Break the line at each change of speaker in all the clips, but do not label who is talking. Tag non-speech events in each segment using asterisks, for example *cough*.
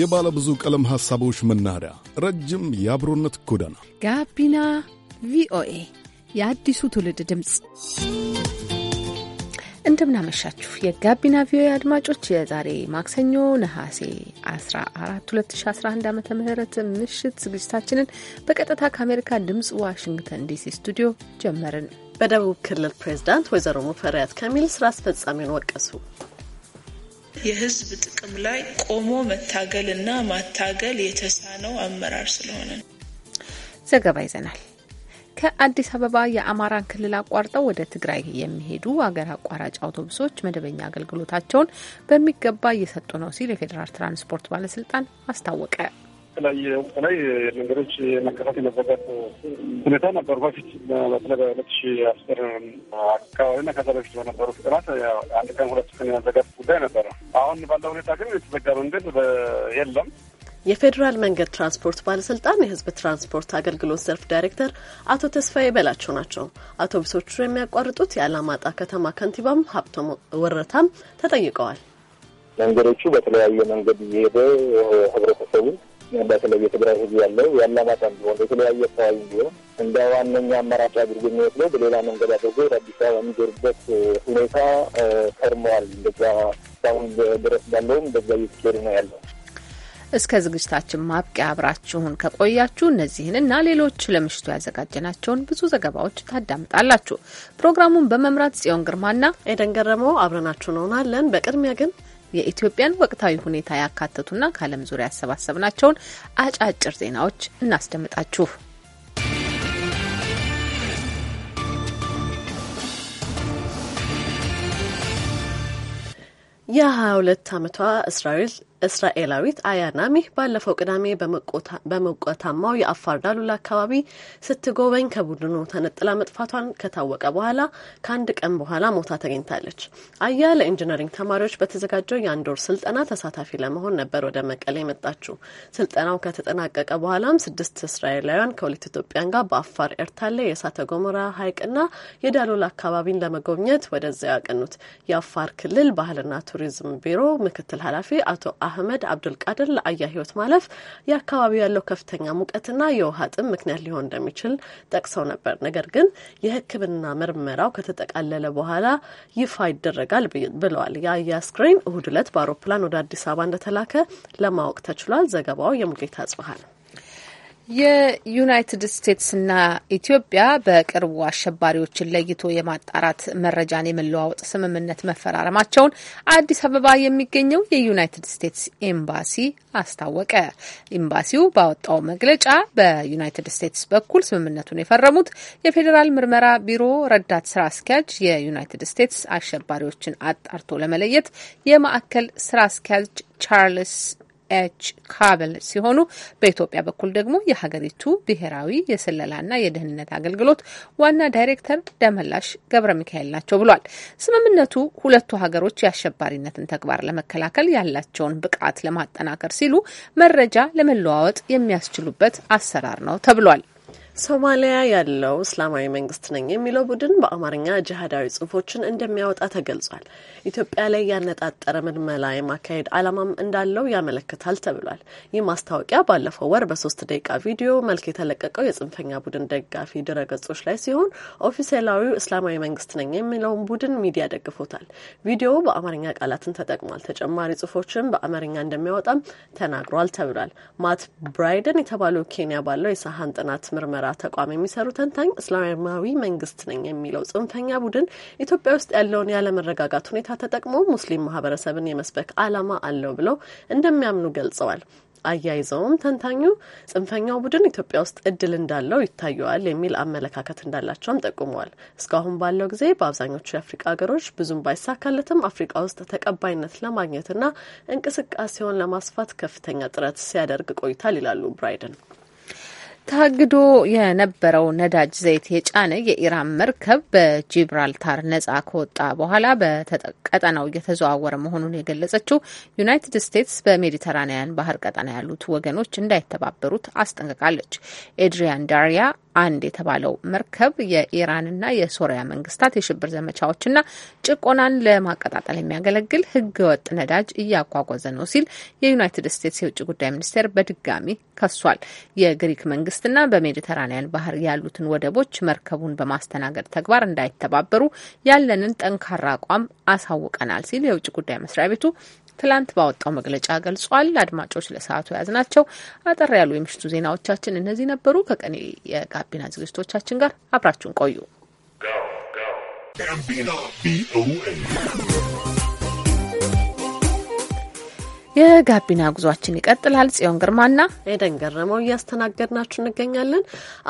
የባለ ብዙ ቀለም ሐሳቦች መናኸሪያ፣ ረጅም የአብሮነት ጎዳና
ጋቢና ቪኦኤ የአዲሱ ትውልድ ድምፅ። እንደምናመሻችሁ የጋቢና ቪኦኤ አድማጮች፣ የዛሬ ማክሰኞ ነሐሴ 14 2011 ዓ ም ምሽት ዝግጅታችንን በቀጥታ ከአሜሪካ ድምፅ
ዋሽንግተን ዲሲ ስቱዲዮ ጀመርን። በደቡብ ክልል ፕሬዝዳንት ወይዘሮ ሙፈሪያት ካሚል ስራ አስፈጻሚውን ወቀሱ።
የህዝብ ጥቅም ላይ ቆሞ መታገልና ማታገል የተሳነው አመራር ስለሆነ
ዘገባ ይዘናል።
ከአዲስ አበባ የአማራን ክልል አቋርጠው ወደ ትግራይ የሚሄዱ አገር አቋራጭ አውቶቡሶች መደበኛ አገልግሎታቸውን በሚገባ እየሰጡ ነው ሲል የፌዴራል ትራንስፖርት ባለስልጣን አስታወቀ።
በተለያየ ወቅት ላይ መንገዶች መከፈት የመዘጋት ሁኔታ ነበሩ። በፊት በተለይ በሁለት ሺ አስር አካባቢና ከዛ በፊት በነበሩት ቀናት አንድ ቀን ሁለት ቀን የመዘጋት ጉዳይ ነበረ። አሁን ባለው ሁኔታ ግን የተዘጋ መንገድ
የለም። የፌዴራል መንገድ ትራንስፖርት ባለስልጣን የህዝብ ትራንስፖርት አገልግሎት ዘርፍ ዳይሬክተር አቶ ተስፋዬ በላቸው ናቸው። አውቶቡሶቹን የሚያቋርጡት የአላማጣ ከተማ ከንቲባም ሀብቶም ወረታም ተጠይቀዋል።
መንገዶቹ በተለያየ መንገድ እየሄደ ህብረተሰቡን በተለይ የትግራይ ህዝብ ያለው የአላማጣ እንዲሆን የተለያየ አካባቢ እንዲሆን እንደ ዋነኛ አማራጭ አድርጎ የሚወስደው በሌላ መንገድ አድርጎ ወደ አዲስ አበባ የሚዞርበት ሁኔታ ከርመዋል። እንደዛ እስካሁን ድረስ ባለውም እንደዛ እየተካሄደ ነው ያለው።
እስከ ዝግጅታችን ማብቂያ አብራችሁን ከቆያችሁ እነዚህን እነዚህንና ሌሎች ለምሽቱ ያዘጋጀናቸውን ብዙ ዘገባዎች ታዳምጣላችሁ። ፕሮግራሙን በመምራት ጽዮን ግርማና ኤደን ገረመው አብረናችሁ እንሆናለን። በቅድሚያ ግን የኢትዮጵያን ወቅታዊ ሁኔታ ያካተቱና ከዓለም ዙሪያ ያሰባሰብናቸውን አጫጭር ዜናዎች እናስደምጣችሁ።
የ22 ዓመቷ እስራኤል እስራኤላዊት አያና ሚህ ባለፈው ቅዳሜ በመቆታማው የአፋር ዳሉላ አካባቢ ስትጎበኝ ከቡድኑ ተነጥላ መጥፋቷን ከታወቀ በኋላ ከአንድ ቀን በኋላ ሞታ ተገኝታለች። አያ ለኢንጂነሪንግ ተማሪዎች በተዘጋጀው የአንድ ወር ስልጠና ተሳታፊ ለመሆን ነበር ወደ መቀሌ የመጣችው። ስልጠናው ከተጠናቀቀ በኋላም ስድስት እስራኤላውያን ከሁለት ኢትዮጵያን ጋር በአፋር ኤርታሌ የእሳተ ገሞራ ሐይቅና የዳሉላ አካባቢን ለመጎብኘት ወደዚያ ያቀኑት የአፋር ክልል ባህልና ቱሪዝም ቢሮ ምክትል ኃላፊ አቶ አህመድ አብዱልቃድር ለአያ ህይወት ማለፍ የአካባቢው ያለው ከፍተኛ ሙቀትና የውሃ ጥም ምክንያት ሊሆን እንደሚችል ጠቅሰው ነበር። ነገር ግን የህክምና ምርመራው ከተጠቃለለ በኋላ ይፋ ይደረጋል ብለዋል። የአያ አስክሬን እሁድ ለት በአውሮፕላን ወደ አዲስ አበባ እንደተላከ ለማወቅ ተችሏል። ዘገባው የሙጌታ ጽብሃ ነው።
የዩናይትድ ስቴትስና ኢትዮጵያ በቅርቡ አሸባሪዎችን ለይቶ የማጣራት መረጃን የመለዋወጥ ስምምነት መፈራረማቸውን አዲስ አበባ የሚገኘው የዩናይትድ ስቴትስ ኤምባሲ አስታወቀ። ኤምባሲው ባወጣው መግለጫ በዩናይትድ ስቴትስ በኩል ስምምነቱን የፈረሙት የፌዴራል ምርመራ ቢሮ ረዳት ስራ አስኪያጅ የዩናይትድ ስቴትስ አሸባሪዎችን አጣርቶ ለመለየት የማዕከል ስራ አስኪያጅ ቻርልስ ኤች ካብል ሲሆኑ በኢትዮጵያ በኩል ደግሞ የሀገሪቱ ብሔራዊ የስለላና የደህንነት አገልግሎት ዋና ዳይሬክተር ደመላሽ ገብረ ሚካኤል ናቸው ብሏል። ስምምነቱ ሁለቱ ሀገሮች የአሸባሪነትን ተግባር ለመከላከል ያላቸውን ብቃት ለማጠናከር ሲሉ መረጃ ለመለዋወጥ የሚያስችሉበት አሰራር ነው ተብሏል።
ሶማሊያ ያለው እስላማዊ መንግስት ነኝ የሚለው ቡድን በአማርኛ ጅሀዳዊ ጽሁፎችን እንደሚያወጣ ተገልጿል። ኢትዮጵያ ላይ ያነጣጠረ ምልመላ የማካሄድ አላማም እንዳለው ያመለክታል ተብሏል። ይህ ማስታወቂያ ባለፈው ወር በሶስት ደቂቃ ቪዲዮ መልክ የተለቀቀው የጽንፈኛ ቡድን ደጋፊ ድረገጾች ላይ ሲሆን ኦፊሴላዊው እስላማዊ መንግስት ነኝ የሚለውን ቡድን ሚዲያ ደግፎታል። ቪዲዮው በአማርኛ ቃላትን ተጠቅሟል። ተጨማሪ ጽሁፎችን በአማርኛ እንደሚያወጣም ተናግሯል ተብሏል። ማት ብራይደን የተባለው ኬንያ ባለው የሳሀን ጥናት ምርመራ ምርመራ ተቋም የሚሰሩ ተንታኝ እስላማዊ መንግስት ነኝ የሚለው ጽንፈኛ ቡድን ኢትዮጵያ ውስጥ ያለውን ያለመረጋጋት ሁኔታ ተጠቅሞ ሙስሊም ማህበረሰብን የመስበክ አላማ አለው ብለው እንደሚያምኑ ገልጸዋል። አያይዘውም ተንታኙ ጽንፈኛው ቡድን ኢትዮጵያ ውስጥ እድል እንዳለው ይታየዋል የሚል አመለካከት እንዳላቸውም ጠቁመዋል። እስካሁን ባለው ጊዜ በአብዛኞቹ የአፍሪቃ ሀገሮች ብዙም ባይሳካለትም አፍሪቃ ውስጥ ተቀባይነት ለማግኘትና እንቅስቃሴውን ለማስፋት ከፍተኛ ጥረት ሲያደርግ ቆይታል ይላሉ ብራይደን።
ታግዶ የነበረው ነዳጅ ዘይት የጫነ የኢራን መርከብ በጂብራልታር ነጻ ከወጣ በኋላ በቀጠናው እየተዘዋወረ መሆኑን የገለጸችው ዩናይትድ ስቴትስ በሜዲተራንያን ባህር ቀጠና ያሉት ወገኖች እንዳይተባበሩት አስጠንቅቃለች። ኤድሪያን ዳሪያ አንድ የተባለው መርከብ የኢራንና የሶሪያ መንግስታት የሽብር ዘመቻዎችና ጭቆናን ለማቀጣጠል የሚያገለግል ህገወጥ ነዳጅ እያጓጓዘ ነው ሲል የዩናይትድ ስቴትስ የውጭ ጉዳይ ሚኒስቴር በድጋሚ ከሷል። የግሪክ መንግስትና በሜዲተራኒያን ባህር ያሉትን ወደቦች መርከቡን በማስተናገድ ተግባር እንዳይተባበሩ ያለንን ጠንካራ አቋም አሳውቀናል ሲል የውጭ ጉዳይ መስሪያ ቤቱ ትላንት ባወጣው መግለጫ ገልጿል። አድማጮች ለሰዓቱ ናቸው። አጠር ያሉ የምሽቱ ዜናዎቻችን እነዚህ ነበሩ። ከቀን የጋቢና ዝግጅቶቻችን ጋር አብራችሁን ቆዩ።
የጋቢና ጉዟችን ይቀጥላል። ጽዮን ግርማና ኤደን ገረመው እያስተናገድናችሁ እንገኛለን።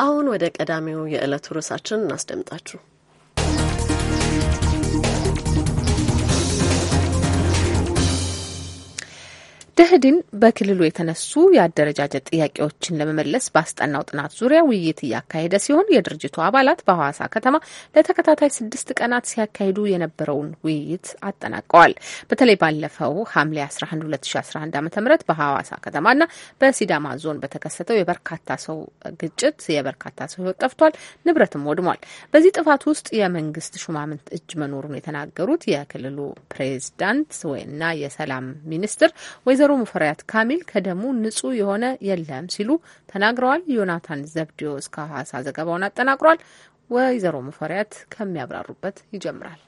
አሁን ወደ ቀዳሚው የዕለቱ ርዕሳችን እናስደምጣችሁ።
ደህድን በክልሉ የተነሱ የአደረጃጀት ጥያቄዎችን ለመመለስ ባስጠናው ጥናት ዙሪያ ውይይት እያካሄደ ሲሆን የድርጅቱ አባላት በሐዋሳ ከተማ ለተከታታይ ስድስት ቀናት ሲያካሂዱ የነበረውን ውይይት አጠናቀዋል። በተለይ ባለፈው ሐምሌ 11 2011 ዓ.ም በሐዋሳ ከተማና በሲዳማ ዞን በተከሰተው የበርካታ ሰው ግጭት የበርካታ ሰው ህይወት ጠፍቷል፣ ንብረትም ወድሟል። በዚህ ጥፋት ውስጥ የመንግስት ሹማምንት እጅ መኖሩን የተናገሩት የክልሉ ፕሬዝዳንት ወይና የሰላም ሚኒስትር ወይዘሮ ወይዘሮ ሙፈሪያት ካሚል ከደሙ ንጹህ የሆነ የለም ሲሉ ተናግረዋል። ዮናታን ዘብዲዮስ ከሐዋሳ ዘገባውን አጠናቅሯል። ወይዘሮ ሙፈሪያት ከሚያብራሩበት ይጀምራል።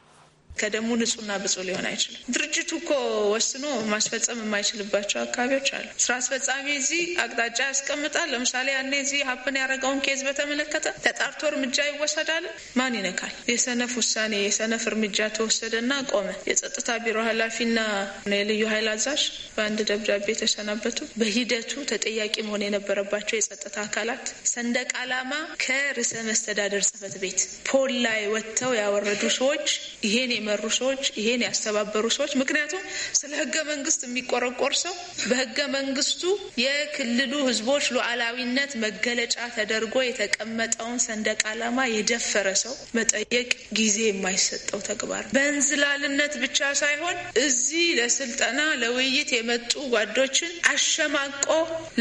ከደሙ ንጹህና ብጹ ሊሆን አይችልም። ድርጅቱ እኮ ወስኖ ማስፈጸም የማይችልባቸው አካባቢዎች አሉ። ስራ አስፈጻሚ እዚህ አቅጣጫ ያስቀምጣል። ለምሳሌ ያኔ እዚህ ሀፕን ያደረገውን ኬዝ በተመለከተ ተጣርቶ እርምጃ ይወሰዳል። ማን ይነካል? የሰነፍ ውሳኔ፣ የሰነፍ እርምጃ ተወሰደና ቆመ። የጸጥታ ቢሮ ኃላፊና የልዩ ኃይል አዛዥ በአንድ ደብዳቤ የተሰናበቱ። በሂደቱ ተጠያቂ መሆን የነበረባቸው የጸጥታ አካላት ሰንደቅ ዓላማ ከርዕሰ መስተዳደር ጽህፈት ቤት ፖል ላይ ወጥተው ያወረዱ ሰዎች ይሄን የመሩ ሰዎች፣ ይሄን ያስተባበሩ ሰዎች ምክንያቱም ስለ ህገ መንግስት የሚቆረቆር ሰው በህገ መንግስቱ የክልሉ ህዝቦች ሉዓላዊነት መገለጫ ተደርጎ የተቀመጠውን ሰንደቅ ዓላማ የደፈረ ሰው መጠየቅ ጊዜ የማይሰጠው ተግባር በእንዝላልነት ብቻ ሳይሆን እዚህ ለስልጠና ለውይይት የመጡ ጓዶችን አሸማቆ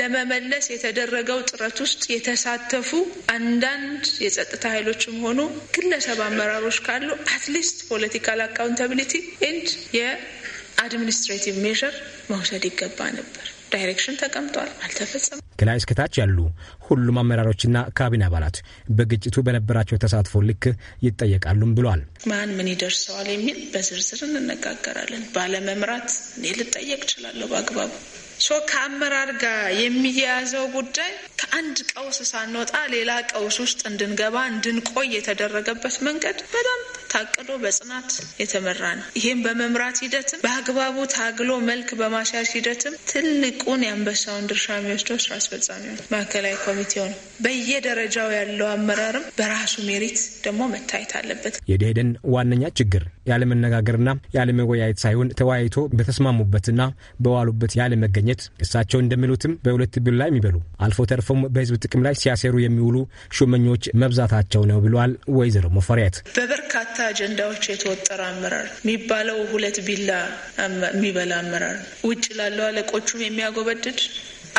ለመመለስ የተደረገው ጥረት ውስጥ የተሳተፉ አንዳንድ የጸጥታ ኃይሎችም ሆኑ ግለሰብ አመራሮች ካሉ አትሊስት ፖለቲካ ፊስካል አካውንታቢሊቲ ኤንድ የአድሚኒስትሬቲቭ ሜዥር መውሰድ ይገባ ነበር። ዳይሬክሽን ተቀምጧል፣ አልተፈጸመም።
ከላይ እስከታች ያሉ ሁሉም አመራሮችና ካቢኔ አባላት በግጭቱ በነበራቸው ተሳትፎ ልክ ይጠየቃሉም ብሏል።
ማን ምን ይደርሰዋል የሚል በዝርዝር እንነጋገራለን። ባለመምራት እኔ ልጠየቅ እችላለሁ በአግባቡ ሶ ከአመራር ጋር የሚያያዘው ጉዳይ ከአንድ ቀውስ ሳንወጣ ሌላ ቀውስ ውስጥ እንድንገባ እንድንቆይ የተደረገበት መንገድ በደንብ ታቅዶ በጽናት የተመራ ነው። ይህም በመምራት ሂደትም በአግባቡ ታግሎ መልክ በማሻሻል ሂደትም ትልቁን የአንበሳውን ድርሻ የሚወስደው ስራ አስፈጻሚው ማዕከላዊ ኮሚቴው ነው። በየደረጃው ያለው አመራርም በራሱ ሜሪት ደግሞ መታየት አለበት።
የደኢህዴን ዋነኛ ችግር ያለመነጋገርና ያለመወያየት ሳይሆን ተወያይቶ በተስማሙበትና በዋሉበት ያለመገኘት እሳቸው እንደሚሉትም በሁለት ቢላ የሚበሉ አልፎ ተርፎም በህዝብ ጥቅም ላይ ሲያሴሩ የሚውሉ ሹመኞች መብዛታቸው ነው ብለዋል። ወይዘሮ ሙፈሪያት
በበርካታ አጀንዳዎች የተወጠረ አመራር የሚባለው ሁለት ቢላ የሚበላ አመራር ውጭ ላለው አለቆቹም የሚያጎበድድ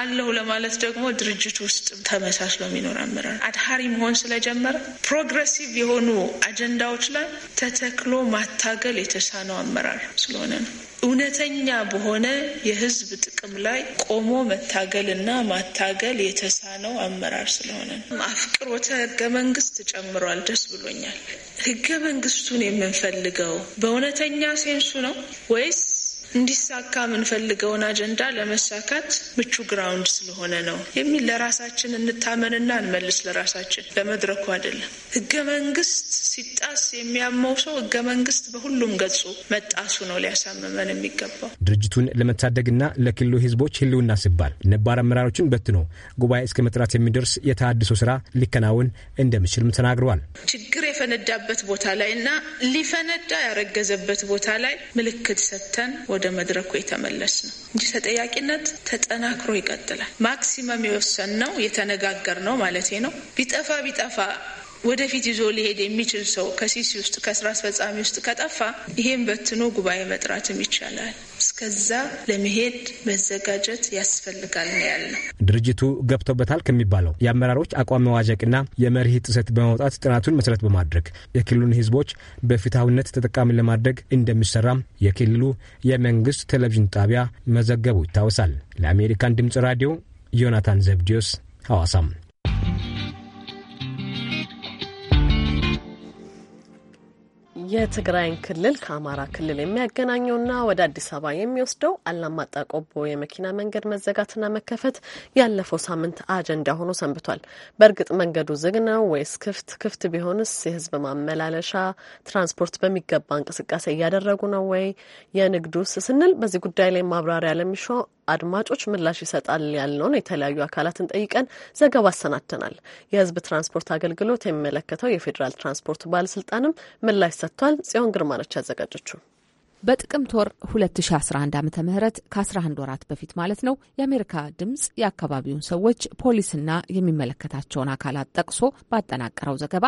አለው ለማለት ደግሞ ድርጅት ውስጥ ተመሳስሎ የሚኖር አመራር አድሃሪ መሆን ስለጀመረ ፕሮግረሲቭ የሆኑ አጀንዳዎች ላይ ተተክሎ ማታገል የተሳነው አመራር ስለሆነ ነው። እውነተኛ በሆነ የህዝብ ጥቅም ላይ ቆሞ መታገልና ማታገል የተሳነው አመራር ስለሆነ ነው። አፍቅሮተ ህገ መንግስት ጨምሯል። ደስ ብሎኛል። ህገ መንግስቱን የምንፈልገው በእውነተኛ ሴንሱ ነው ወይስ እንዲሳካ የምንፈልገውን አጀንዳ ለመሳካት ምቹ ግራውንድ ስለሆነ ነው የሚል ለራሳችን እንታመንና እንመልስ። ለራሳችን ለመድረኩ አይደለም። ህገ መንግስት ሲጣስ የሚያመው ሰው ህገ መንግስት በሁሉም ገጹ መጣሱ ነው ሊያሳምመን የሚገባው።
ድርጅቱን ለመታደግና ለክልሉ ህዝቦች ህልውና ሲባል ነባር አመራሮችን በትኖ ጉባኤ እስከ መጥራት የሚደርስ የተሃድሶ ስራ ሊከናወን እንደሚችልም ተናግረዋል።
ችግር የፈነዳበት ቦታ ላይ እና ሊፈነዳ ያረገዘበት ቦታ ላይ ምልክት ሰጥተን ወደ ወደ መድረኩ የተመለስ ነው እንጂ ተጠያቂነት ተጠናክሮ ይቀጥላል። ማክሲመም የወሰን ነው የተነጋገር ነው ማለት ነው። ቢጠፋ ቢጠፋ ወደፊት ይዞ ሊሄድ የሚችል ሰው ከሲሲ ውስጥ ከስራ አስፈጻሚ ውስጥ ከጠፋ ይሄን በትኖ ጉባኤ መጥራትም ይቻላል። እስከዛ ለመሄድ መዘጋጀት ያስፈልጋል ነው ያለው።
ድርጅቱ ገብቶበታል ከሚባለው የአመራሮች አቋም መዋዠቅና የመርህ ጥሰት በማውጣት ጥናቱን መሰረት በማድረግ የክልሉን ህዝቦች በፍትሐዊነት ተጠቃሚ ለማድረግ እንደሚሰራም የክልሉ የመንግስት ቴሌቪዥን ጣቢያ መዘገቡ ይታወሳል። ለአሜሪካን ድምፅ ራዲዮ ዮናታን ዘብዲዮስ ሐዋሳም
የትግራይን ክልል ከአማራ ክልል የሚያገናኘውና ወደ አዲስ አበባ የሚወስደው አላማጣ ቆቦ የመኪና መንገድ መዘጋትና መከፈት ያለፈው ሳምንት አጀንዳ ሆኖ ሰንብቷል። በእርግጥ መንገዱ ዝግ ነው ወይስ ክፍት? ክፍት ቢሆንስ የህዝብ ማመላለሻ ትራንስፖርት በሚገባ እንቅስቃሴ እያደረጉ ነው ወይ? የንግዱስ ስንል በዚህ ጉዳይ ላይ ማብራሪያ ለሚሻው አድማጮች ምላሽ ይሰጣል ያለውን የተለያዩ አካላትን ጠይቀን ዘገባ አሰናድተናል። የህዝብ ትራንስፖርት አገልግሎት የሚመለከተው የፌዴራል ትራንስፖርት ባለስልጣንም ምላሽ ሰጥቷል። ጽዮን ግርማ ነች ያዘጋጀችው።
በጥቅምት ወር 2011 ዓ ም ከ11 ወራት በፊት ማለት ነው የአሜሪካ ድምፅ የአካባቢውን ሰዎች ፖሊስና የሚመለከታቸውን አካላት ጠቅሶ ባጠናቀረው ዘገባ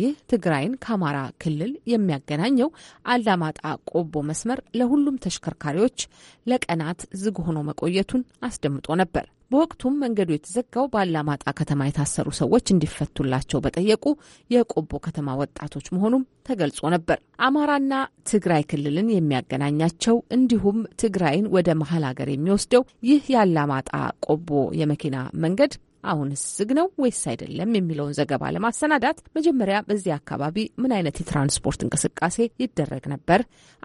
ይህ ትግራይን ከአማራ ክልል የሚያገናኘው አላማጣ ቆቦ መስመር ለሁሉም ተሽከርካሪዎች ለቀናት ዝግ ሆኖ መቆየቱን አስደምጦ ነበር። በወቅቱም መንገዱ የተዘጋው በአላማጣ ከተማ የታሰሩ ሰዎች እንዲፈቱላቸው በጠየቁ የቆቦ ከተማ ወጣቶች መሆኑም ተገልጾ ነበር። አማራና ትግራይ ክልልን የሚያገናኛቸው እንዲሁም ትግራይን ወደ መሀል ሀገር የሚወስደው ይህ የአላማጣ ቆቦ የመኪና መንገድ አሁንስ ዝግ ነው ወይስ አይደለም የሚለውን ዘገባ ለማሰናዳት መጀመሪያ በዚህ አካባቢ ምን አይነት የትራንስፖርት እንቅስቃሴ ይደረግ ነበር፣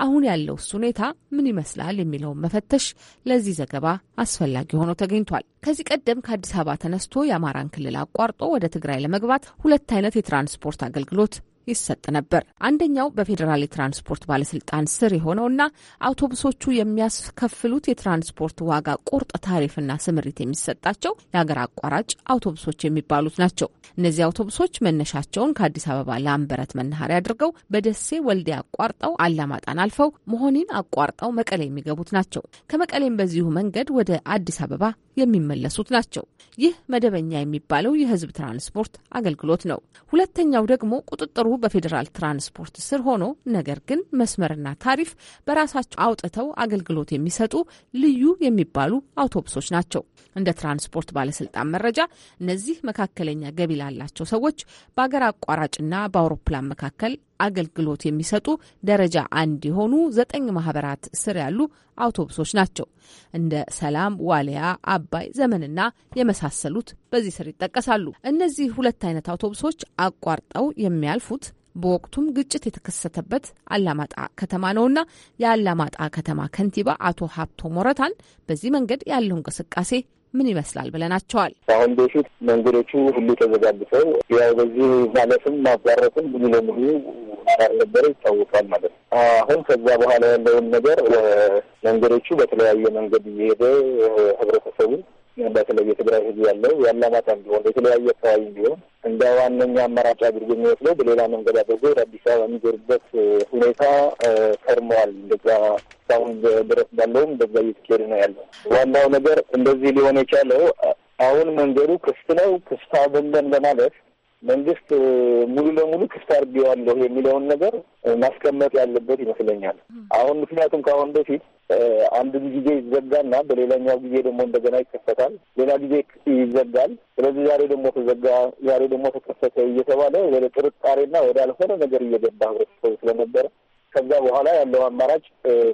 አሁን ያለውስ ሁኔታ ምን ይመስላል የሚለውን መፈተሽ ለዚህ ዘገባ አስፈላጊ ሆኖ ተገኝቷል። ከዚህ ቀደም ከአዲስ አበባ ተነስቶ የአማራን ክልል አቋርጦ ወደ ትግራይ ለመግባት ሁለት አይነት የትራንስፖርት አገልግሎት ይሰጥ ነበር። አንደኛው በፌዴራል የትራንስፖርት ባለስልጣን ስር የሆነውና አውቶቡሶቹ የሚያስከፍሉት የትራንስፖርት ዋጋ ቁርጥ ታሪፍና ስምሪት የሚሰጣቸው የሀገር አቋራጭ አውቶቡሶች የሚባሉት ናቸው። እነዚህ አውቶቡሶች መነሻቸውን ከአዲስ አበባ ላምበረት መናኸሪያ አድርገው በደሴ ወልዴ አቋርጠው አላማጣን አልፈው መሆኒን አቋርጠው መቀሌ የሚገቡት ናቸው። ከመቀሌም በዚሁ መንገድ ወደ አዲስ አበባ የሚመለሱት ናቸው። ይህ መደበኛ የሚባለው የህዝብ ትራንስፖርት አገልግሎት ነው። ሁለተኛው ደግሞ ቁጥጥሩ በፌዴራል ትራንስፖርት ስር ሆኖ ነገር ግን መስመርና ታሪፍ በራሳቸው አውጥተው አገልግሎት የሚሰጡ ልዩ የሚባሉ አውቶቡሶች ናቸው። እንደ ትራንስፖርት ባለስልጣን መረጃ እነዚህ መካከለኛ ገቢ ላላቸው ሰዎች በአገር አቋራጭና በአውሮፕላን መካከል አገልግሎት የሚሰጡ ደረጃ አንድ የሆኑ ዘጠኝ ማህበራት ስር ያሉ አውቶቡሶች ናቸው። እንደ ሰላም፣ ዋልያ፣ አባይ፣ ዘመንና የመሳሰሉት በዚህ ስር ይጠቀሳሉ። እነዚህ ሁለት አይነት አውቶቡሶች አቋርጠው የሚያልፉት በወቅቱም ግጭት የተከሰተበት አላማጣ ከተማ ነውና የአላማጣ ከተማ ከንቲባ አቶ ሀብቶ ሞረታን በዚህ መንገድ ያለው እንቅስቃሴ ምን ይመስላል ብለናቸዋል።
አሁን በፊት መንገዶቹ ሁሉ ተዘጋግተው ያው በዚህ ማለፍም ማጋረትም ሙሉ ለሙሉ ነበረ ይታወቃል ማለት ነው። አሁን ከዛ በኋላ ያለውን ነገር መንገዶቹ በተለያየ መንገድ እየሄደ ህብረተሰቡ በተለይ የትግራይ ህዝብ ያለው የአላማጣ እንዲሆን የተለያየ አካባቢ እንዲሆን እንደ ዋነኛ አማራጭ አድርጎ የሚወስደው በሌላ መንገድ አድርጎ ወደ አዲስ አበባ ሁኔታ ከርመዋል። እንደዛ እስካሁን ድረስ ባለውም እንደዛ እየተካሄደ ነው ያለው። ዋናው ነገር እንደዚህ ሊሆን የቻለው አሁን መንገዱ ክፍት ነው ክፍት አይደለም ለማለት መንግስት ሙሉ ለሙሉ ክፍት አድርጌዋለሁ የሚለውን ነገር ማስቀመጥ ያለበት ይመስለኛል። አሁን ምክንያቱም ከአሁን በፊት አንድ ጊዜ ይዘጋና በሌላኛው ጊዜ ደግሞ እንደገና ይከፈታል፣ ሌላ ጊዜ ይዘጋል። ስለዚህ ዛሬ ደግሞ ተዘጋ፣ ዛሬ ደግሞ ተከፈተ እየተባለ ወደ ጥርጣሬና ወደ አልሆነ ነገር እየገባ ህብረተሰቡ ስለነበረ ከዛ በኋላ ያለው አማራጭ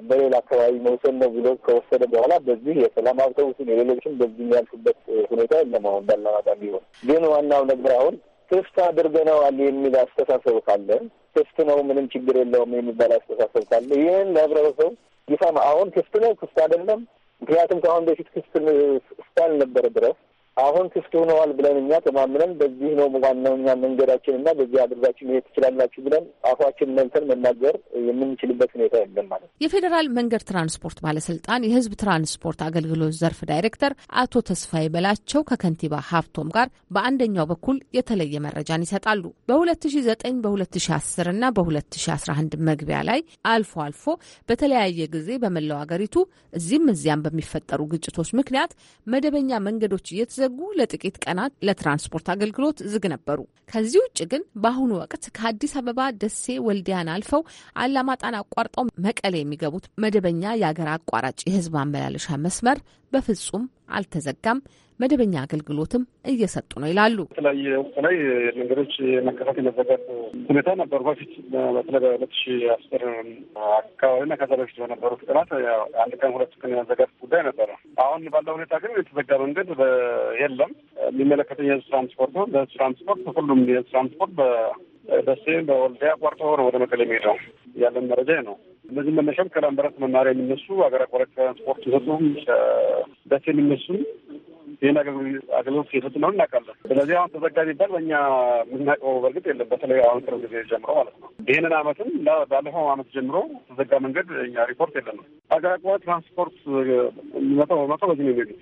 በሌላ አካባቢ መውሰድ ነው ብሎ ከወሰደ በኋላ በዚህ የሰላም አውቶቡስን የሌሎችን በዚህ የሚያልፉበት ሁኔታ ለማሆን ባለማጣ ቢሆን ግን ዋናው ነገር አሁን ቴስት አድርገነዋል የሚል አስተሳሰብ ካለ ቴስት ነው ምንም ችግር የለውም የሚባል አስተሳሰብ ካለ ይህን ለህብረተሰቡ ይሰማ። አሁን ክስት ነው ክስት አይደለም። ምክንያቱም ከአሁን በፊት ክስት እስካልነበረ ድረስ አሁን ክፍት ሆነዋል ብለን እኛ ተማምነን በዚህ ነው ዋናውኛ መንገዳችን እና በዚህ አድርጋችን መሄድ ትችላላችሁ ብለን አፏችን መልተን መናገር የምንችልበት ሁኔታ የለም ማለት ነው።
የፌዴራል መንገድ ትራንስፖርት ባለስልጣን የህዝብ ትራንስፖርት አገልግሎት ዘርፍ ዳይሬክተር አቶ ተስፋዬ በላቸው ከከንቲባ ሀብቶም ጋር በአንደኛው በኩል የተለየ መረጃን ይሰጣሉ። በ2009 በ2010 እና በ2011 መግቢያ ላይ አልፎ አልፎ በተለያየ ጊዜ በመላው አገሪቱ እዚህም እዚያም በሚፈጠሩ ግጭቶች ምክንያት መደበኛ መንገዶች እየተዘ ስለተዘጉ ለጥቂት ቀናት ለትራንስፖርት አገልግሎት ዝግ ነበሩ። ከዚህ ውጭ ግን በአሁኑ ወቅት ከአዲስ አበባ ደሴ፣ ወልዲያን አልፈው አላማጣን አቋርጠው መቀሌ የሚገቡት መደበኛ የአገር አቋራጭ የህዝብ ማመላለሻ መስመር በፍጹም አልተዘጋም። መደበኛ አገልግሎትም እየሰጡ ነው ይላሉ።
በተለያየ ወቅት ላይ መንገዶች መከፈት የመዘጋት ሁኔታ ነበሩ። በፊት በተለይ በሁለት ሺ አስር አካባቢና ከዛ በፊት በነበሩ ፍጥናት አንድ ቀን ሁለት ቀን የመዘጋት ጉዳይ ነበረ። አሁን ባለው ሁኔታ ግን የተዘጋ መንገድ የለም። የሚመለከተኝ የህዝብ ትራንስፖርት ነው። በህዝብ ትራንስፖርት ሁሉም የህዝብ ትራንስፖርት በደሴ በወልዲያ አቋርጦ ነው ወደ መቀሌ የሚሄደው ያለን መረጃ ነው። እነዚህ መነሻም ከላምበረት መማሪያ የሚነሱ ሀገር አቋራጭ ትራንስፖርት ይሰጡም
ደሴ የሚነሱም
ይህን አገልግሎት እየሰጡ ነው እናውቃለን። ስለዚህ አሁን ተዘጋ ቢባል በእኛ የምናውቀው በእርግጥ የለም። በተለይ አሁን ቅርብ ጊዜ ጀምሮ ማለት ነው። ይህንን አመትም ባለፈው አመት ጀምሮ ተዘጋ መንገድ እኛ ሪፖርት የለንም። ሀገር አቋራጭ ትራንስፖርት መቶ በመቶ በዚህ ነው የሚሄዱት።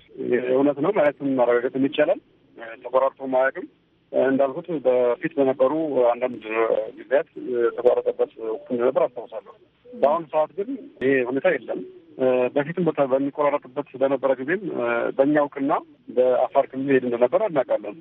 እውነት ነው ማለትም ማረጋገጥ የሚቻላል ተቆራርቶ ማያውቅም። እንዳልኩት በፊት በነበሩ አንዳንድ ጊዜያት የተቋረጠበት ወቅት እንደነበር አስታውሳለሁ። በአሁኑ ሰዓት ግን ይሄ ሁኔታ የለም። በፊትም በሚቆራረጥበት በነበረ ጊዜም በእኛ እውቅና በአፋር ክልል ሄድ እንደነበረ እናውቃለን።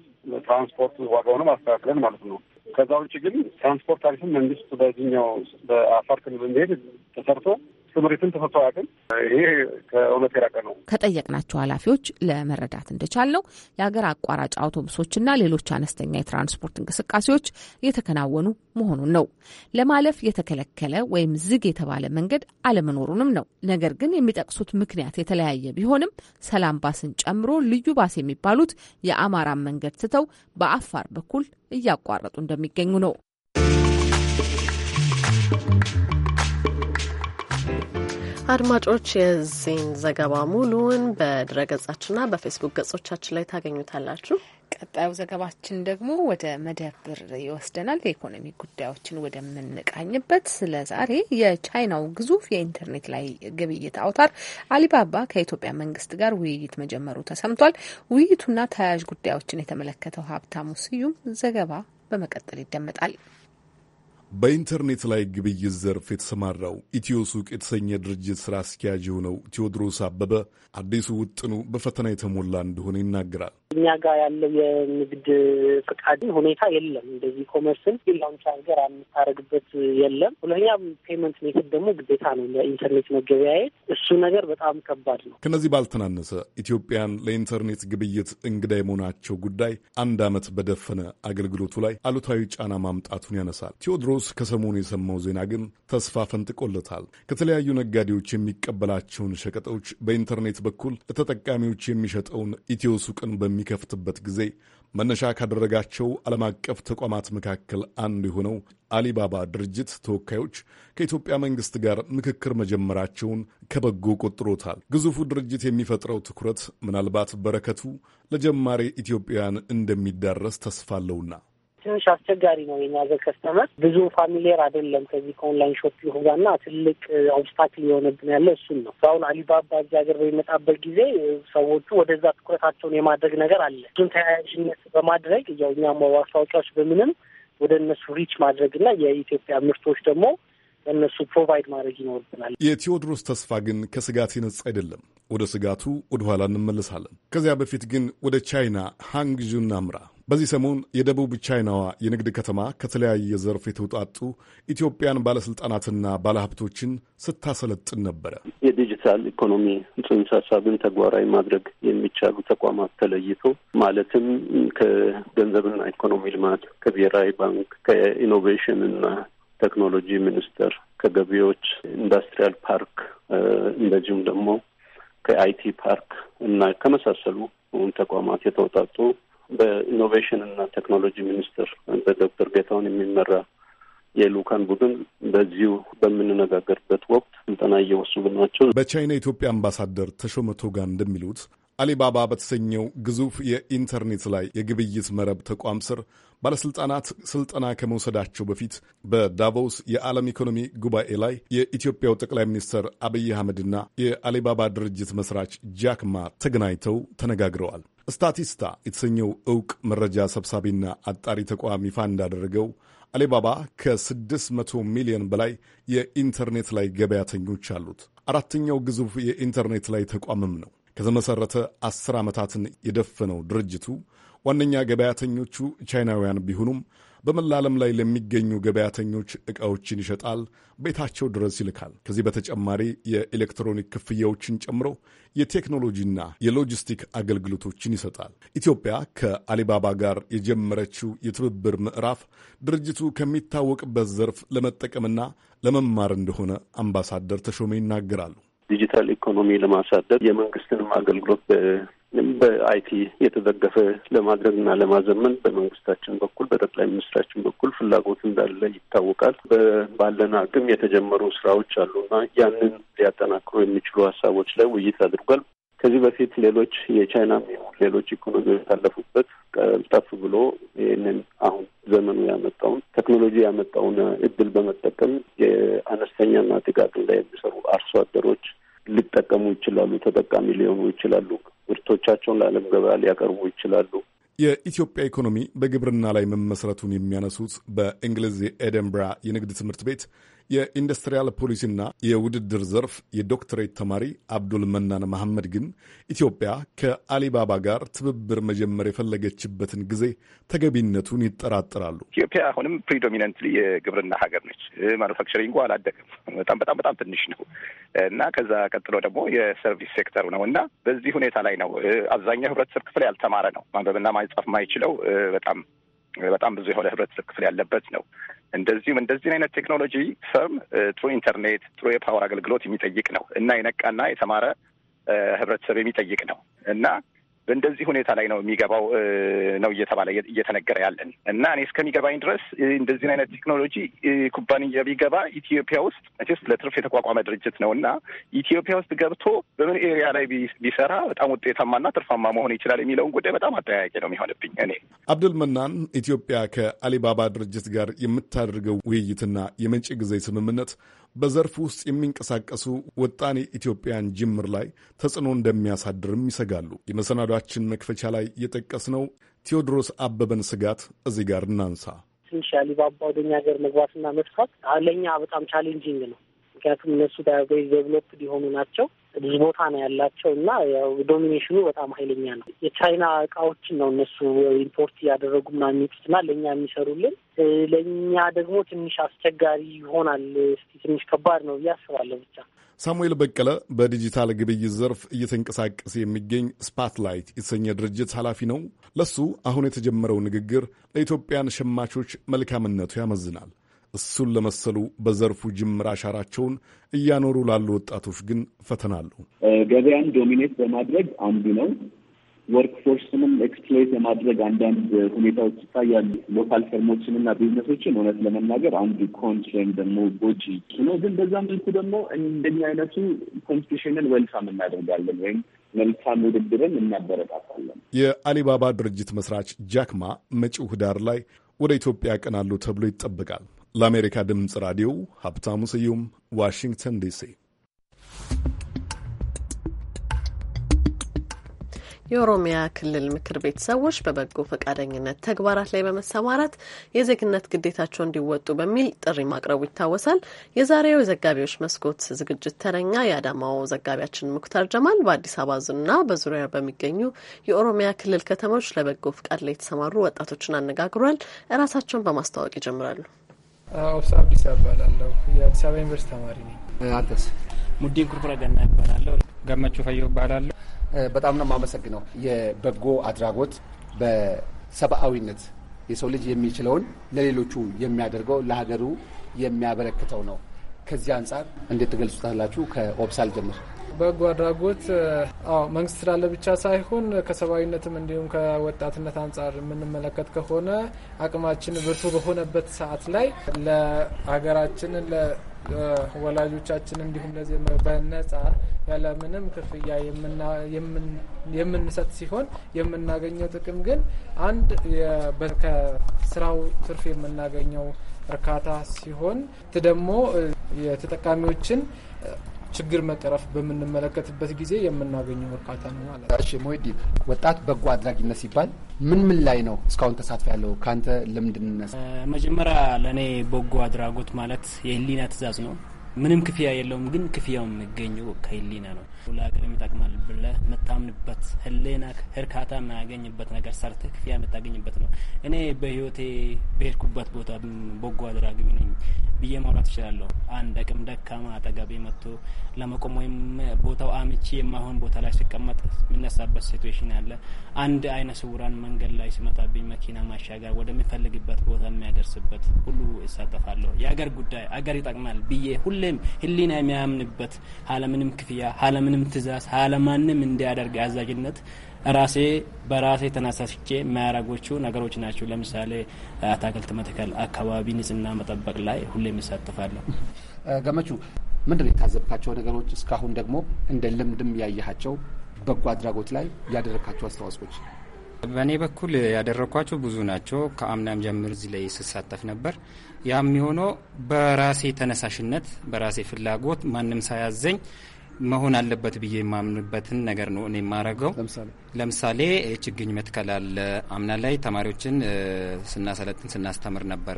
ትራንስፖርት ዋጋውንም አስተካክለን ማለት ነው። ከዛ ውጭ ግን ትራንስፖርት ታሪፍም መንግስት በዚህኛው በአፋር ክልል ሄድ ተሰርቶ ስምሪትን ተሰጥቶ አያውቅም። ይሄ ከእውነት የራቀ ነው።
ከጠየቅናቸው ኃላፊዎች ለመረዳት እንደቻለው የሀገር አቋራጭ አውቶቡሶችና ሌሎች አነስተኛ የትራንስፖርት እንቅስቃሴዎች እየተከናወኑ መሆኑን ነው። ለማለፍ የተከለከለ ወይም ዝግ የተባለ መንገድ አለመኖሩንም ነው። ነገር ግን የሚጠቅሱት ምክንያት የተለያየ ቢሆንም ሰላም ባስን ጨምሮ ልዩ ባስ የሚባሉት የአማራን መንገድ ትተው በአፋር በኩል እያቋረጡ እንደሚገኙ
ነው። አድማጮች የዚህን ዘገባ ሙሉውን በድረገጻችንና በፌስቡክ ገጾቻችን ላይ ታገኙታላችሁ።
ቀጣዩ ዘገባችን ደግሞ ወደ መደብር ይወስደናል። የኢኮኖሚ ጉዳዮችን ወደምንቃኝበት ስለ ዛሬ የቻይናው ግዙፍ የኢንተርኔት ላይ ግብይት አውታር አሊባባ ከኢትዮጵያ መንግስት ጋር ውይይት መጀመሩ ተሰምቷል። ውይይቱና ተያያዥ ጉዳዮችን የተመለከተው ሀብታሙ ስዩም ዘገባ በመቀጠል ይደመጣል።
በኢንተርኔት ላይ ግብይት ዘርፍ የተሰማራው ኢትዮ ሱቅ የተሰኘ ድርጅት ሥራ አስኪያጅ የሆነው ቴዎድሮስ አበበ አዲሱ ውጥኑ በፈተና የተሞላ እንደሆነ ይናገራል።
እኛ ጋር ያለው የንግድ ፍቃድ ሁኔታ የለም። እንደዚህ ኮመርስን ላውንች ሀገር የምታደርግበት የለም። ሁለተኛ ፔመንት ሜትድ ደግሞ ግዴታ ነው ለኢንተርኔት መገበያየት። እሱ ነገር በጣም ከባድ ነው።
ከነዚህ ባልተናነሰ ኢትዮጵያን ለኢንተርኔት ግብይት እንግዳ የመሆናቸው ጉዳይ አንድ ዓመት በደፈነ አገልግሎቱ ላይ አሉታዊ ጫና ማምጣቱን ያነሳል። ቴዎድሮስ ከሰሞኑ የሰማው ዜና ግን ተስፋ ፈንጥቆለታል። ከተለያዩ ነጋዴዎች የሚቀበላቸውን ሸቀጦች በኢንተርኔት በኩል ለተጠቃሚዎች የሚሸጠውን ኢትዮ ሱቅን በሚ በሚከፍትበት ጊዜ መነሻ ካደረጋቸው ዓለም አቀፍ ተቋማት መካከል አንዱ የሆነው አሊባባ ድርጅት ተወካዮች ከኢትዮጵያ መንግሥት ጋር ምክክር መጀመራቸውን ከበጎ ቆጥሮታል። ግዙፉ ድርጅት የሚፈጥረው ትኩረት ምናልባት በረከቱ ለጀማሪ ኢትዮጵያውያን እንደሚዳረስ ተስፋ አለውና
ትንሽ አስቸጋሪ ነው። የኛ ሀገር ከስተመር ብዙ ፋሚሊየር አይደለም ከዚህ ከኦንላይን ሾፒንግ ጋር እና ትልቅ ኦብስታክል የሆነብን ያለ እሱን ነው። አሁን አሊባባ እዚህ ሀገር በሚመጣበት ጊዜ ሰዎቹ ወደዛ ትኩረታቸውን የማድረግ ነገር አለ። እሱን ተያያዥነት በማድረግ ያው እኛ ማስታወቂያዎች በምንም ወደ እነሱ ሪች ማድረግና የኢትዮጵያ ምርቶች ደግሞ ለእነሱ ፕሮቫይድ ማድረግ ይኖርብናል።
የቴዎድሮስ ተስፋ ግን ከስጋት የነጻ አይደለም። ወደ ስጋቱ ወደ ኋላ እንመለሳለን። ከዚያ በፊት ግን ወደ ቻይና ሃንግዡ እናምራ። በዚህ ሰሞን የደቡብ ቻይናዋ የንግድ ከተማ ከተለያየ ዘርፍ የተውጣጡ ኢትዮጵያን ባለስልጣናትና ባለሀብቶችን ስታሰለጥን ነበረ።
የዲጂታል ኢኮኖሚ ጽንሰ ሀሳብን ተግባራዊ ማድረግ የሚቻሉ ተቋማት ተለይቶ ማለትም ከገንዘብና ኢኮኖሚ ልማት፣ ከብሔራዊ ባንክ፣ ከኢኖቬሽን እና ቴክኖሎጂ ሚኒስቴር፣ ከገቢዎች ኢንዱስትሪያል ፓርክ እንደዚሁም ደግሞ ከአይቲ ፓርክ እና ከመሳሰሉ ተቋማት የተውጣጡ በኢኖቬሽን እና ቴክኖሎጂ ሚኒስትር በዶክተር ጌታሁን የሚመራ የልኡካን ቡድን በዚሁ በምንነጋገርበት ወቅት ስልጠና እየወሰዱ
ናቸው። በቻይና ኢትዮጵያ አምባሳደር ተሾመ ቶጋ እንደሚሉት አሊባባ በተሰኘው ግዙፍ የኢንተርኔት ላይ የግብይት መረብ ተቋም ስር ባለስልጣናት ስልጠና ከመውሰዳቸው በፊት በዳቮስ የዓለም ኢኮኖሚ ጉባኤ ላይ የኢትዮጵያው ጠቅላይ ሚኒስትር አብይ አህመድና የአሊባባ ድርጅት መስራች ጃክማ ተገናኝተው ተነጋግረዋል። ስታቲስታ የተሰኘው እውቅ መረጃ ሰብሳቢና አጣሪ ተቋም ይፋ እንዳደረገው አሊባባ ከ600 ሚሊዮን በላይ የኢንተርኔት ላይ ገበያተኞች አሉት። አራተኛው ግዙፍ የኢንተርኔት ላይ ተቋምም ነው። ከተመሠረተ አስር ዓመታትን የደፈነው ድርጅቱ ዋነኛ ገበያተኞቹ ቻይናውያን ቢሆኑም በመላለም ላይ ለሚገኙ ገበያተኞች ዕቃዎችን ይሸጣል፣ ቤታቸው ድረስ ይልካል። ከዚህ በተጨማሪ የኤሌክትሮኒክ ክፍያዎችን ጨምሮ የቴክኖሎጂና የሎጂስቲክ አገልግሎቶችን ይሰጣል። ኢትዮጵያ ከአሊባባ ጋር የጀመረችው የትብብር ምዕራፍ ድርጅቱ ከሚታወቅበት ዘርፍ ለመጠቀምና ለመማር እንደሆነ አምባሳደር ተሾመ ይናገራሉ።
ዲጂታል ኢኮኖሚ ለማሳደግ የመንግስትንም አገልግሎት በአይቲ የተደገፈ ለማድረግ እና ለማዘመን በመንግስታችን በኩል በጠቅላይ ሚኒስትራችን በኩል ፍላጎት እንዳለ ይታወቃል። ባለን አቅም የተጀመሩ ስራዎች አሉና ያንን ሊያጠናክሩ የሚችሉ ሀሳቦች ላይ ውይይት አድርጓል። ከዚህ በፊት ሌሎች የቻይና ሌሎች ኢኮኖሚዎች ያለፉበት ቀልጠፍ ብሎ ይህንን አሁን ዘመኑ ያመጣውን ቴክኖሎጂ ያመጣውን እድል በመጠቀም የአነስተኛና ጥቃቅን ላይ የሚሰሩ አርሶ አደሮች ሊጠቀሙ ይችላሉ፣ ተጠቃሚ ሊሆኑ ይችላሉ፣ ምርቶቻቸውን ለዓለም ገበያ
ሊያቀርቡ ይችላሉ። የኢትዮጵያ ኢኮኖሚ በግብርና ላይ መመስረቱን የሚያነሱት በእንግሊዝ የኤደንብራ የንግድ ትምህርት ቤት የኢንዱስትሪያል ፖሊሲና የውድድር ዘርፍ የዶክትሬት ተማሪ አብዱል መናን መሐመድ ግን ኢትዮጵያ ከአሊባባ ጋር ትብብር መጀመር የፈለገችበትን ጊዜ ተገቢነቱን ይጠራጠራሉ።
ኢትዮጵያ አሁንም ፕሪዶሚነንትሊ የግብርና ሀገር ነች። ማኑፋክቸሪንጉ አላደገም። በጣም በጣም በጣም ትንሽ ነው እና ከዛ ቀጥሎ ደግሞ የሰርቪስ ሴክተሩ ነው እና በዚህ ሁኔታ ላይ ነው አብዛኛው ህብረተሰብ ክፍል ያልተማረ ነው። ማንበብና ማጻፍ ማይችለው በጣም በጣም ብዙ የሆነ ህብረተሰብ ክፍል ያለበት ነው። እንደዚሁም እንደዚህን አይነት ቴክኖሎጂ ፈርም ጥሩ ኢንተርኔት፣ ጥሩ የፓወር አገልግሎት የሚጠይቅ ነው እና የነቃና የተማረ ህብረተሰብ የሚጠይቅ ነው እና በእንደዚህ ሁኔታ ላይ ነው የሚገባው ነው እየተባለ እየተነገረ ያለን እና እኔ እስከሚገባኝ ድረስ እንደዚህን አይነት ቴክኖሎጂ ኩባንያ ቢገባ ኢትዮጵያ ውስጥ መቼስ ለትርፍ የተቋቋመ ድርጅት ነው እና ኢትዮጵያ ውስጥ ገብቶ በምን ኤሪያ ላይ ቢሰራ በጣም ውጤታማና ትርፋማ መሆን ይችላል የሚለውን ጉዳይ በጣም አጠያያቂ ነው የሚሆንብኝ። እኔ
አብዱል መናን ኢትዮጵያ ከአሊባባ ድርጅት ጋር የምታደርገው ውይይትና የመጪ ጊዜ ስምምነት በዘርፍ ውስጥ የሚንቀሳቀሱ ወጣኔ ኢትዮጵያን ጅምር ላይ ተጽዕኖ እንደሚያሳድርም ይሰጋሉ። የመሰናዷችን መክፈቻ ላይ የጠቀስነው ቴዎድሮስ አበበን ስጋት እዚህ ጋር እናንሳ።
ትንሽ አሊባባ ወደኛ ሀገር መግባትና መጥፋት ለእኛ በጣም ቻሌንጂንግ ነው። ምክንያቱም እነሱ ዳያጎይ ዴቨሎፕድ የሆኑ ናቸው። ብዙ ቦታ ነው ያላቸው እና ያው ዶሚኔሽኑ በጣም ኃይለኛ ነው። የቻይና እቃዎችን ነው እነሱ ኢምፖርት እያደረጉ ምናምን የሚጡት እና ለእኛ የሚሰሩልን ለእኛ ደግሞ ትንሽ አስቸጋሪ ይሆናል። እስኪ ትንሽ ከባድ ነው ብዬ አስባለሁ ብቻ
ሳሙኤል በቀለ በዲጂታል ግብይት ዘርፍ እየተንቀሳቀሰ የሚገኝ ስፓትላይት የተሰኘ ድርጅት ኃላፊ ነው። ለሱ አሁን የተጀመረው ንግግር ለኢትዮጵያን ሸማቾች መልካምነቱ ያመዝናል። እሱን ለመሰሉ በዘርፉ ጅምር አሻራቸውን እያኖሩ ላሉ ወጣቶች ግን ፈተና አለው።
ገበያን ዶሚኔት በማድረግ አንዱ ነው። ወርክፎርስንም ኤክስፕሎይት የማድረግ አንዳንድ ሁኔታዎች ይታያሉ። ሎካል ፈርሞችን እና ቢዝነሶችን እውነት ለመናገር አንዱ ኮንች ወይም ደግሞ ጎጂ ነው። ግን በዛ መልኩ ደግሞ እንደኛ አይነቱ ኮምፒቲሽንን ወልካም እናደርጋለን ወይም መልካም ውድድርን እናበረታታለን።
የአሊባባ ድርጅት መስራች ጃክማ መጪው ህዳር ላይ ወደ ኢትዮጵያ ያቀናሉ ተብሎ ይጠበቃል። ለአሜሪካ ድምፅ ራዲዮ ሀብታሙ ስዩም ዋሽንግተን ዲሲ።
የኦሮሚያ ክልል ምክር ቤት ሰዎች በበጎ ፈቃደኝነት ተግባራት ላይ በመሰማራት የዜግነት ግዴታቸው እንዲወጡ በሚል ጥሪ ማቅረቡ ይታወሳል። የዛሬው የዘጋቢዎች መስኮት ዝግጅት ተረኛ የአዳማው ዘጋቢያችን ሙክታር ጀማል በአዲስ አበባና በዙሪያ በሚገኙ የኦሮሚያ ክልል ከተሞች ለበጎ ፈቃድ ላይ የተሰማሩ ወጣቶችን አነጋግሯል። እራሳቸውን በማስተዋወቅ ይጀምራሉ።
አውሳ አብዲስ እባላለሁ። የአዲስ አበባ ዩኒቨርሲቲ ተማሪ ነኝ።
አንተስ? ሙዲን ኩርኩረ ገና ይባላለሁ። ገመቹ ፈየው እባላለሁ። በጣም ነው የማመሰግነው። የበጎ አድራጎት በሰብአዊነት የሰው ልጅ የሚችለውን ለሌሎቹ የሚያደርገው ለሀገሩ የሚያበረክተው ነው። ከዚህ አንጻር እንዴት ትገልጹታላችሁ? ከኦብሳል ጀምር
በጎ አድራጎት አዎ መንግስት ስላለ ብቻ ሳይሆን ከሰብአዊነትም እንዲሁም ከወጣትነት አንጻር የምንመለከት ከሆነ አቅማችን ብርቱ በሆነበት ሰዓት ላይ ለሀገራችን ወላጆቻችን እንዲሁም ለዚህ በነጻ ምንም ክፍያ የምንሰጥ ሲሆን የምናገኘው ጥቅም ግን አንድ ከስራው ትርፍ የምናገኘው እርካታ ሲሆን ደግሞ የተጠቃሚዎችን ችግር
መቀረፍ በምንመለከትበት ጊዜ የምናገኘው እርካታ ነው ማለት ነው። እሺ ሞዲ፣ ወጣት በጎ አድራጊነት ሲባል ምን ምን ላይ ነው እስካሁን ተሳትፎ ያለው? ከአንተ ልምድ እንነሳ። መጀመሪያ
ለእኔ በጎ አድራጎት ማለት የህሊና ትእዛዝ ነው። ምንም ክፍያ የለውም። ግን ክፍያው የሚገኘው ከህሊና ነው። ለሀገር የሚጠቅማል ብለህ የምታምንበት ህሊና እርካታ የማያገኝበት ነገር ሰርተህ ክፍያ የምታገኝበት ነው። እኔ በህይወቴ በሄድኩበት ቦታ በጎ አድራጊ ነኝ ብዬ ማውራት እችላለሁ። አንድ አቅም ደካማ አጠገቤ መጥቶ ለመቆም ወይም ቦታው አምቼ የማይሆን ቦታ ላይ ሲቀመጥ የሚነሳበት ሲትዌሽን አለ። አንድ አይነ ስውራን መንገድ ላይ ሲመጣብኝ መኪና ማሻገር ወደሚፈልግበት ቦታ የሚያደርስበት ሁሉ ይሳተፋለሁ። የአገር ጉዳይ አገር ይጠቅማል ብዬ ሁሌ ሁሌም ህሊና የሚያምንበት አለምንም ክፍያ አለምንም ትእዛዝ አለማንም እንዲያደርግ አዛዥነት ራሴ በራሴ ተነሳስቼ የማያረጎቹ ነገሮች ናቸው። ለምሳሌ አታክልት መትከል፣ አካባቢ ንጽህና መጠበቅ ላይ ሁሌም ይሳተፋለሁ።
ገመቹ ምንድን የታዘብካቸው ነገሮች እስካሁን ደግሞ እንደ ልምድም ያየሃቸው በጎ አድራጎት ላይ ያደረግካቸው አስተዋጽኦች
በእኔ በኩል ያደረግኳቸው ብዙ ናቸው። ከአምናም ጀምር እዚህ ላይ ስሳተፍ ነበር። ያም የሚሆነው በራሴ ተነሳሽነት፣ በራሴ ፍላጎት ማንም ሳያዘኝ መሆን አለበት ብዬ የማምንበትን ነገር ነው እኔ የማረገው። ለምሳሌ ችግኝ መትከል አለ። አምና ላይ ተማሪዎችን ስናሰለጥን ስናስተምር ነበረ።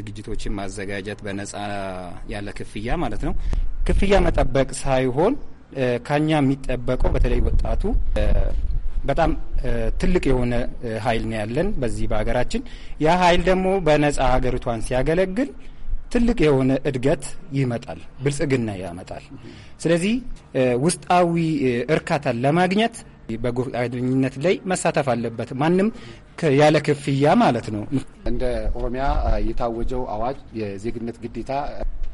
ዝግጅቶችን ማዘጋጀት በነጻ ያለ ክፍያ ማለት ነው። ክፍያ መጠበቅ ሳይሆን ከኛ የሚጠበቀው በተለይ ወጣቱ በጣም ትልቅ የሆነ ኃይል ነው ያለን በዚህ በሀገራችን። ያ ኃይል ደግሞ በነጻ ሀገሪቷን ሲያገለግል ትልቅ የሆነ እድገት ይመጣል፣ ብልጽግና ያመጣል። ስለዚህ ውስጣዊ እርካታን ለማግኘት በጎ ፈቃደኝነት ላይ መሳተፍ አለበት ማንም ያለ ክፍያ ማለት ነው።
እንደ ኦሮሚያ የታወጀው አዋጅ የዜግነት ግዴታ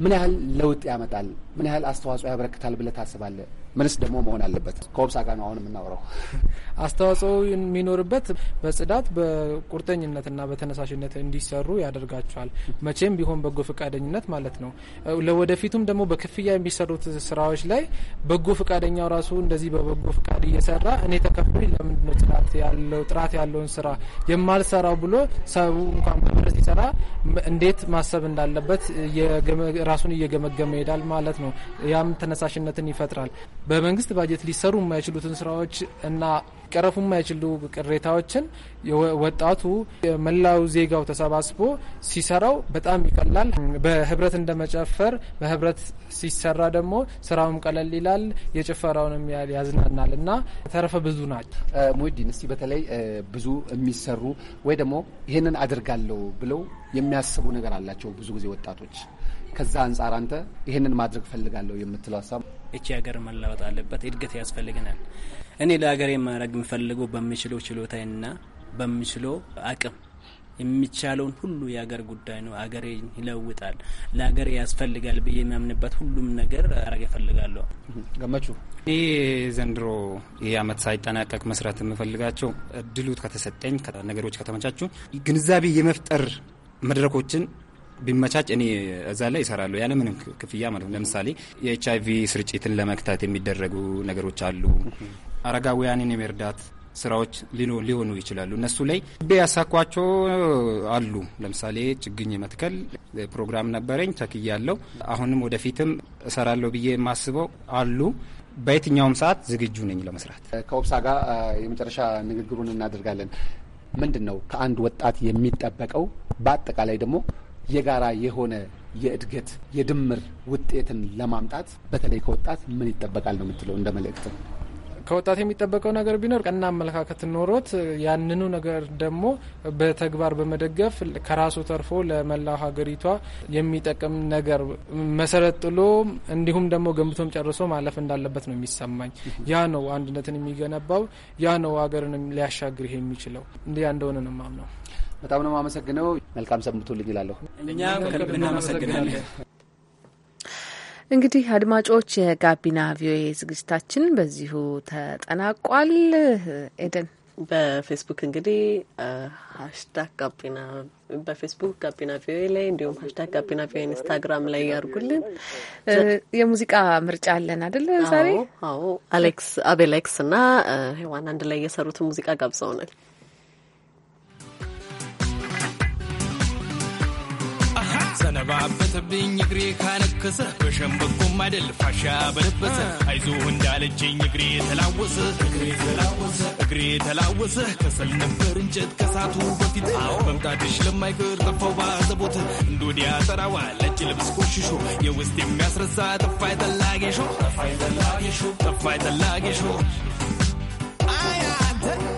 ምን ያህል ለውጥ ያመጣል? ምን ያህል አስተዋጽኦ ያበረክታል ብለህ ታስባለህ? ምንስ ደግሞ መሆን አለበት? ከወብሳ ጋር ነው አሁን የምናውረው። *laughs* አስተዋጽኦ የሚኖርበት
በጽዳት በቁርጠኝነትና በተነሳሽነት እንዲሰሩ ያደርጋቸዋል። መቼም ቢሆን በጎ ፈቃደኝነት ማለት ነው። ለወደፊቱም ደግሞ በክፍያ የሚሰሩት ስራዎች ላይ በጎ ፈቃደኛው ራሱ እንደዚህ በበጎ ፈቃድ እየሰራ እኔ ተከፍሎ ለምንድነው ጽዳት ያለው ጥራት ያለውን ስራ የማልሰራው ብሎ ሰው እንኳን በብረት ሲሰራ እንዴት ማሰብ እንዳለበት ራሱን እየገመገመ ይሄዳል ማለት ነው። ያም ተነሳሽነትን ይፈጥራል። በመንግስት ባጀት ሊሰሩ የማይችሉትን ስራዎች እና ሊቀረፉ የማይችሉ ቅሬታዎችን ወጣቱ መላው ዜጋው ተሰባስቦ ሲሰራው በጣም ይቀላል። በህብረት እንደመጨፈር በህብረት ሲሰራ ደግሞ ስራውም ቀለል
ይላል፣ የጭፈራውንም ያዝናናል እና ተረፈ ብዙ ናቸው። ሙዲን እስቲ በተለይ ብዙ የሚሰሩ ወይ ደግሞ ይህንን አድርጋለሁ ብለው የሚያስቡ ነገር አላቸው ብዙ ጊዜ ወጣቶች ከዛ አንጻር አንተ ይህንን ማድረግ ፈልጋለሁ የምትለው ሀሳብ እቺ
ሀገር መለወጥ አለበት፣ እድገት ያስፈልገናል። እኔ ለሀገሬ ማድረግ የምፈልገው በምችለው ችሎታና በምችለው አቅም የሚቻለውን ሁሉ የሀገር ጉዳይ ነው። ሀገሬ ይለውጣል፣ ለሀገሬ ያስፈልጋል ብዬ የሚያምንበት ሁሉም ነገር አረግ ይፈልጋለሁ።
ገመቹ እኔ ዘንድሮ ይህ አመት ሳይጠናቀቅ መስራት የምፈልጋቸው እድሉት ከተሰጠኝ ነገሮች ከተመቻችሁ ግንዛቤ የመፍጠር መድረኮችን ቢመቻች እኔ እዛ ላይ ይሰራሉ ያለ ምንም ክፍያ ማለት ነው። ለምሳሌ የኤች አይቪ ስርጭትን ለመክታት የሚደረጉ ነገሮች አሉ። አረጋውያንን የመርዳት ስራዎች ሊሆኑ ይችላሉ። እነሱ ላይ ቤ ያሳኳቸው አሉ። ለምሳሌ ችግኝ መትከል ፕሮግራም ነበረኝ ተክያለው። አሁንም ወደፊትም እሰራለሁ ብዬ የማስበው አሉ። በየትኛውም ሰዓት ዝግጁ ነኝ ለመስራት።
ከወብሳ ጋር የመጨረሻ ንግግሩን እናደርጋለን። ምንድን ነው ከአንድ ወጣት የሚጠበቀው? በአጠቃላይ ደግሞ የጋራ የሆነ የእድገት የድምር ውጤትን ለማምጣት በተለይ ከወጣት ምን ይጠበቃል ነው የምትለው? እንደ መልእክት
ከወጣት የሚጠበቀው ነገር ቢኖር ቀና አመለካከት ኖሮት ያንኑ ነገር ደግሞ በተግባር በመደገፍ ከራሱ ተርፎ ለመላው ሀገሪቷ የሚጠቅም ነገር መሰረት ጥሎ እንዲሁም ደግሞ ገንብቶም ጨርሶ ማለፍ እንዳለበት ነው የሚሰማኝ። ያ ነው አንድነትን የሚገነባው፣ ያ ነው ሀገርን ሊያሻግር
የሚችለው። እንዲያ እንደሆነ ነው ማምነው። በጣም ነው የማመሰግነው። መልካም ሰንብቱልኝ ይላለሁ። እኛም ከልብ እናመሰግናለን።
እንግዲህ አድማጮች፣ የጋቢና
ቪኦኤ ዝግጅታችን በዚሁ ተጠናቋል። ኤደን በፌስቡክ እንግዲህ ሀሽታግ ጋቢና በፌስቡክ ጋቢና ቪኦኤ ላይ እንዲሁም ሀሽታግ ጋቢና ቪኦኤ ኢንስታግራም ላይ ያርጉልን። የሙዚቃ ምርጫ አለን አደለ? ዛሬ አዎ፣ አሌክስ አቤሌክስ እና ሄዋን አንድ ላይ የሰሩትን ሙዚቃ ጋብዘውናል።
ሰነባበተብኝ እግሬ ካነከሰ በሸምበቆም አይደል ፋሻ በለበሰ አይዞ እንዳለችኝ እግሬ ተላወሰ እግሬ ተላወሰ። ከሰል ነበር እንጨት ከሳቱ በፊት መምጣትሽ ለማይቀር ጠፋው ባዘቦት እንዶዲያ ጠራዋ ለጭ ልብስ ቆሽሾ የውስጥ የሚያስረሳ ጠፋይ ጠፋይ ጠላጌሾ ጠፋይ ጠላጌሾ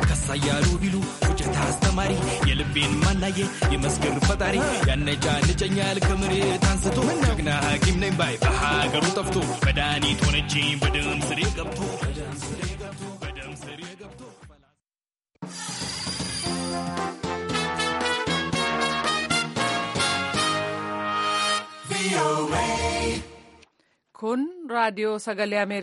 ከሳ እያሉ ቢሉ ውጨት አስተማሪ የልቤን ማናዬ የመስገር ፈጣሪ ያነጫ ንጨኛል ከምሬት አንስቶ ጀግና ሐኪም ነኝ ባይ በሀገሩ ጠፍቶ መድኃኒት ሆነችኝ በደም ስሬ
ገብቶ በደም ስሬ ገብቶ
Kun radio sagalee Ameerikaa.